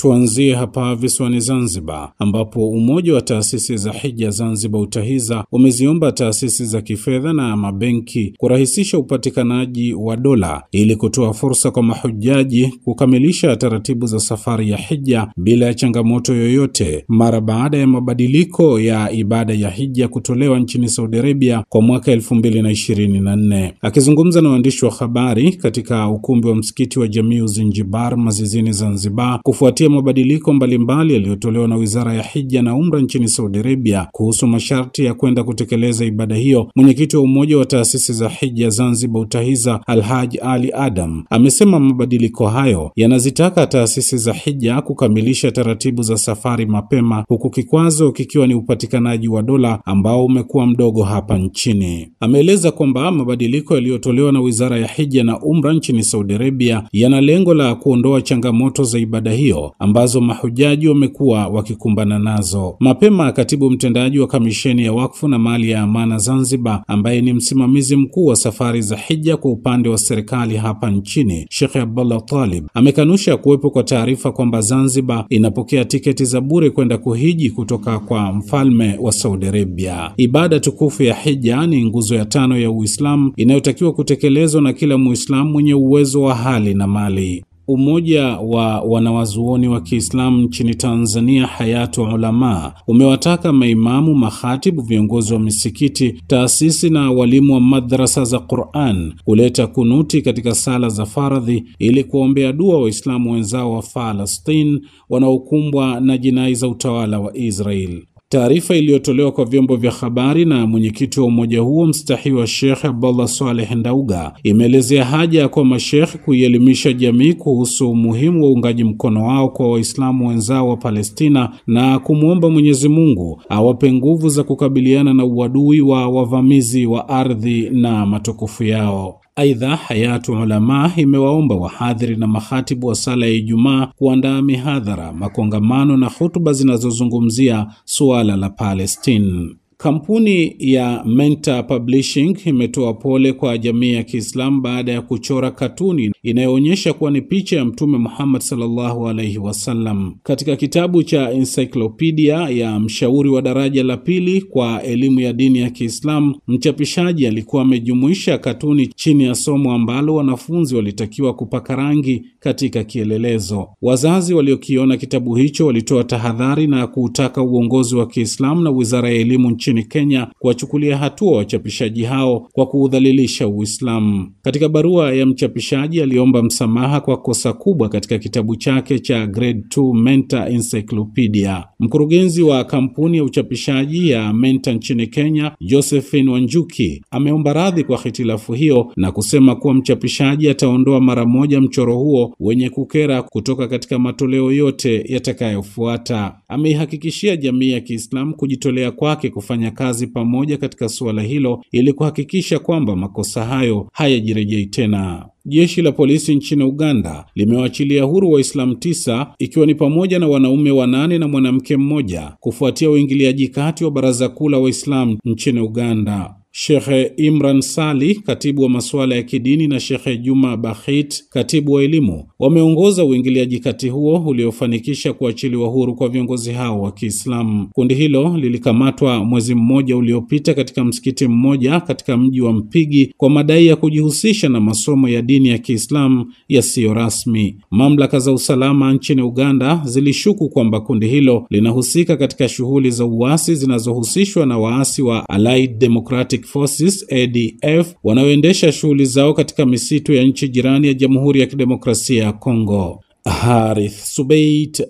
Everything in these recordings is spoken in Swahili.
Tuanzie hapa visiwani Zanzibar, ambapo Umoja wa Taasisi za Hija Zanzibar UTAHIZA umeziomba taasisi za kifedha na mabenki kurahisisha upatikanaji wa dola ili kutoa fursa kwa mahujaji kukamilisha taratibu za safari ya hija bila ya changamoto yoyote, mara baada ya mabadiliko ya ibada ya hija kutolewa nchini Saudi Arabia kwa mwaka 2024. Akizungumza na waandishi wa habari katika ukumbi wa msikiti wa Jamiu Zinjibar Mazizini Zanzibar kufuatia ya mabadiliko mbalimbali yaliyotolewa na Wizara ya Hija na Umra nchini Saudi Arabia kuhusu masharti ya kwenda kutekeleza ibada hiyo, mwenyekiti wa Umoja wa Taasisi za Hija Zanzibar UTAHIZA Alhaji Ali Adam amesema mabadiliko hayo yanazitaka taasisi za hija kukamilisha taratibu za safari mapema, huku kikwazo kikiwa ni upatikanaji wa dola ambao umekuwa mdogo hapa nchini. Ameeleza kwamba mabadiliko yaliyotolewa na Wizara ya Hija na Umra nchini Saudi Arabia yana lengo la kuondoa changamoto za ibada hiyo ambazo mahujaji wamekuwa wakikumbana nazo. Mapema, katibu mtendaji wa kamisheni ya wakfu na mali ya amana Zanzibar, ambaye ni msimamizi mkuu wa safari za hija kwa upande wa serikali hapa nchini, Sheikh Abdullah Talib amekanusha kuwepo kwa taarifa kwamba Zanzibar inapokea tiketi za bure kwenda kuhiji kutoka kwa mfalme wa Saudi Arabia. Ibada tukufu ya hija ni nguzo ya tano ya Uislamu inayotakiwa kutekelezwa na kila Muislamu mwenye uwezo wa hali na mali. Umoja wa wanawazuoni wa Kiislamu nchini Tanzania, Hayatu Ulama, umewataka maimamu, mahatibu, viongozi wa misikiti, taasisi na walimu wa madrasa za Quran kuleta kunuti katika sala za faradhi ili kuwaombea dua Waislamu wenzao wa Palestine wanaokumbwa na jinai za utawala wa Israel. Taarifa iliyotolewa kwa vyombo vya habari na mwenyekiti wa umoja huo wa Sheikh Abdallah Saleh Ndauga imeelezea haja kwa mashekh kuielimisha jamii kuhusu umuhimu wa uungaji mkono wao kwa Waislamu wenzao wa Palestina na kumwomba Mwenyezi Mungu awape nguvu za kukabiliana na uadui wa wavamizi wa ardhi na matukufu yao. Aidha, Hayatu Ulama imewaomba wahadhiri na mahatibu wa sala ya Ijumaa kuandaa mihadhara, makongamano na hutuba zinazozungumzia suala la Palestine. Kampuni ya Menta Publishing imetoa pole kwa jamii ya Kiislamu baada ya kuchora katuni inayoonyesha kuwa ni picha ya Mtume Muhammad sallallahu alaihi wasallam. Katika kitabu cha encyclopedia ya mshauri wa daraja la pili kwa elimu ya dini ya Kiislamu, mchapishaji alikuwa amejumuisha katuni chini ya somo ambalo wanafunzi walitakiwa kupaka rangi katika kielelezo. Wazazi waliokiona kitabu hicho walitoa tahadhari na kuutaka uongozi wa Kiislamu na Wizara ya Elimu nchini Kenya kuwachukulia hatua wachapishaji hao kwa kuudhalilisha Uislamu. Katika barua ya mchapishaji aliomba msamaha kwa kosa kubwa katika kitabu chake cha Grade 2 Mentor Encyclopedia. Mkurugenzi wa kampuni ya uchapishaji ya Mentor nchini Kenya, Josephine Wanjuki, ameomba radhi kwa hitilafu hiyo na kusema kuwa mchapishaji ataondoa mara moja mchoro huo wenye kukera kutoka katika matoleo yote yatakayofuata. Ameihakikishia jamii ya Kiislamu kujitolea kwake kufanya kufanya kazi pamoja katika suala hilo ili kuhakikisha kwamba makosa hayo hayajirejei tena. Jeshi la polisi nchini Uganda limewachilia huru Waislamu tisa ikiwa ni pamoja na wanaume wanane na mwanamke mmoja kufuatia uingiliaji kati wa Baraza Kuu la Waislamu nchini Uganda. Shekhe Imran Sali, katibu wa masuala ya kidini, na Shekhe Juma bahit katibu wa elimu, wameongoza uingiliaji kati huo uliofanikisha kuachiliwa huru kwa viongozi hao wa Kiislamu. Kundi hilo lilikamatwa mwezi mmoja uliopita katika msikiti mmoja katika mji wa Mpigi kwa madai ya kujihusisha na masomo ya dini ya Kiislamu yasiyo rasmi. Mamlaka za usalama nchini Uganda zilishuku kwamba kundi hilo linahusika katika shughuli za uasi zinazohusishwa na waasi wa Allied Democratic Democratic Forces ADF wanaoendesha shughuli zao katika misitu ya nchi jirani ya Jamhuri ya Kidemokrasia ya Kongo. Harith Subait,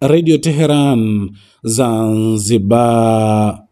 Radio Teheran, Zanzibar.